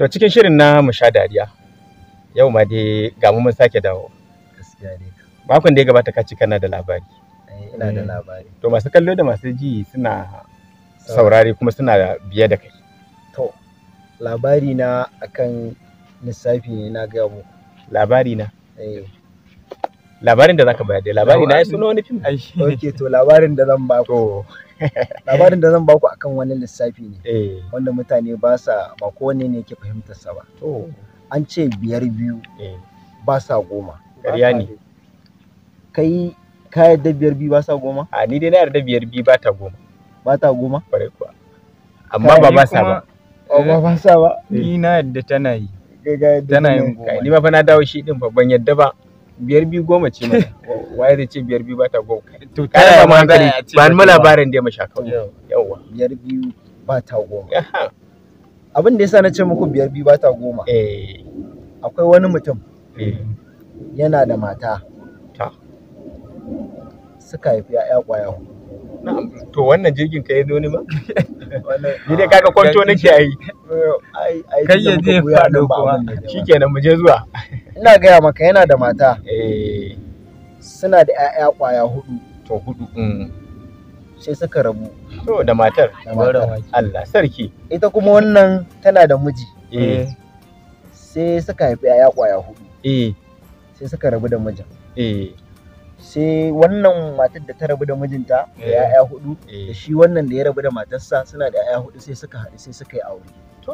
To cikin shirin na mu sha dariya. Yau ma dai ga mu mun sake dawo. Gaskiya ne. Makon da ya gabata ka ci kana da labari. Eh, ina da eh. labari. To masu kallo da masu ji suna saurare kuma suna biye da kai. To labari na akan lissafi ne na gaya muku. Labari na. Eh. labarin da zaka bayar da labari na ya suna wani fim ai okay to labarin da zan baku labarin da zan bako akan wani lissafi ne eh. wanda mutane ba sa ba wani ne yake fahimtar sa ba to an ce biyar biyu eh. ba sa goma ƙarya ne kai ka yarda biyar biyu ba sa goma a ni dai na yarda biyar biyu ba ta goma ba ta goma kwarai kuwa amma oh, ba ba sa ba ba ba sa ba ni na yarda tana yi tana yin goma ni ba fa na dawo shi din fa ban ba biyar biyu goma ce mana waye zai ce biyar biyu ba ta goma to kaya ma hankali ba mu labarin da ya masha kawai yawa biyar biyu ba ta goma abin da yasa na ce muku biyar biyu ba ta goma eh. akwai wani mutum eh. yana da mata suka haifi a kwaya to wannan jirgin ka yi zo ne ma ni dai kaga kwanto nake yi kai ya je fa dauko shikenan mu je zuwa ina gaya maka yana da mata eh. suna da 'ya'ya kwaya hudu to hudu mm. sai suka rabu to da matar Allah sarki ita kuma wannan tana da miji eh. sai suka haifi 'ya'ya kwaya hudu eh. sai suka rabu da mijin sai wannan matar da ta rabu da mijinta da 'ya'ya hudu da shi wannan da ya rabu da matarsa suna da 'ya'ya hudu sai suka haɗu sai suka yi aure to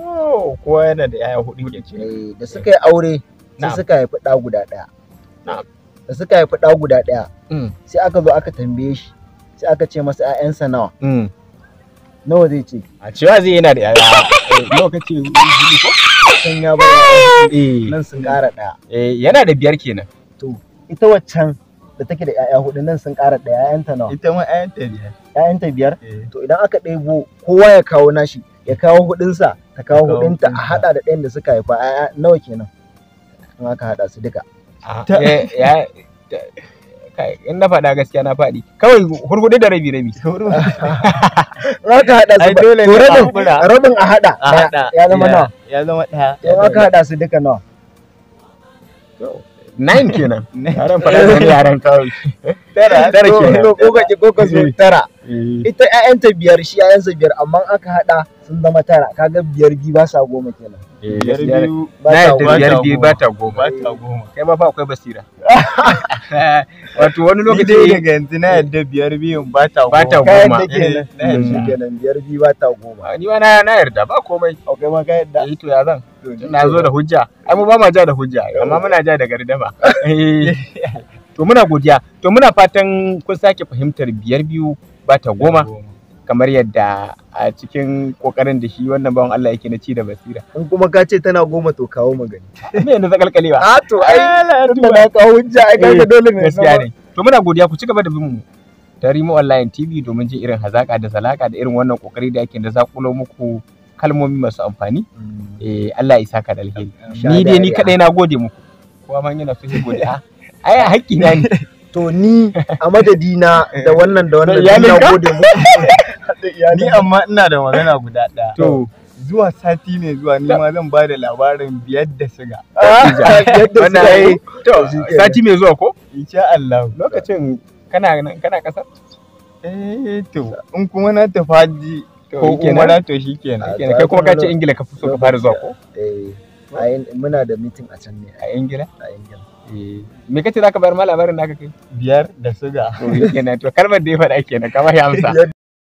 kowa yana da 'ya'ya hudu da ce da suka yi aure sai suka haifi ɗa guda ɗaya da suka haifi ɗa guda ɗaya mm. sai aka zo aka tambaye shi sai aka ce masa 'ya'yansa nawa mm. nawa zai ce a cewa zai yana da 'ya'ya lokaci eh, hudu ko sun ya bar eh. nan sun ƙara ɗaya eh, yana da biyar kenan to ita waccan da take da 'ya'ya hudu nan sun ƙara ɗaya 'ya'yanta nawa ita ma 'ya'yanta biyar 'ya'yanta biyar to idan aka ɗebo kowa ya kawo nashi ya kawo hudunsa ta kawo hudunta a haɗa da ɗayan da suka haifa 'ya'ya nawa kenan in aka haɗa su duka. Ah, in na faɗa gaskiya na faɗi kawai hurgudu da rabi rabi za ka haɗa su dole ne rabin a haɗa ya zama nawa ya zama ɗaya ya ka haɗa su duka nawa nine kenan yaran faɗa da yaran kawai tara tara kenan ko ka ko ka zo eh. tara eh. ita ƴaƴanta biyar shi ƴaƴansa biyar amma aka haɗa sun zama tara kaga biyar biyu ba sa goma kenan eh, biyar biyu ba ta goma kai ma fa akwai basira wato wani lokaci ga yanzu na yadda biyar biyu ba ta goma ba ta goma eh, na yadda kenan biyar biyu ba ta goma ah, ni ma na yarda ba komai okay ma ka yarda eh to ya zan na zo da hujja ai mu ba ma ja da hujja amma muna ja da gardama eh, to muna godiya to muna fatan kun sake fahimtar biyar biyu ba ta goma kamar yadda a cikin kokarin da shi wannan bawan Allah yake na ci da basira. In kuma ka ce tana goma to kawo magani. Me yanzu kalkale ba? A to ai tunda na kawo hujja ai ga eh, dole ne. Gaskiya ne. To muna godiya ku ci gaba da bin mu ta Rimo Online TV domin jin irin hazaka da salaka da irin wannan kokari da yake da ku muku kalmomi masu amfani. Mm. Eh Allah ya saka da alheri. Ni dai ni kadai na gode muku. Kowa man yana so ya gode. Ah, ai haƙƙi na ne. To ni a madadina da wannan da wannan na gode muku. ni amma ina da magana guda ɗaya to zuwa sati ne zuwa ni ma zan ba da labarin biyar da shiga. Ah, biyar da yi. Eh. to sati mai zuwa ko insha Allah lokacin kana kana kasa eh to in kuma na tafa ji ko kuma na to shi kenan. Ah, kai kuma ka ce ingila ka so ka fara zuwa ko eh muna da meeting a can ne a ingila a ingila eh, me kace zaka bayar ma labarin naka kai biyar da suga to kenan to kalmar da ya faɗa kenan kamar ya amsa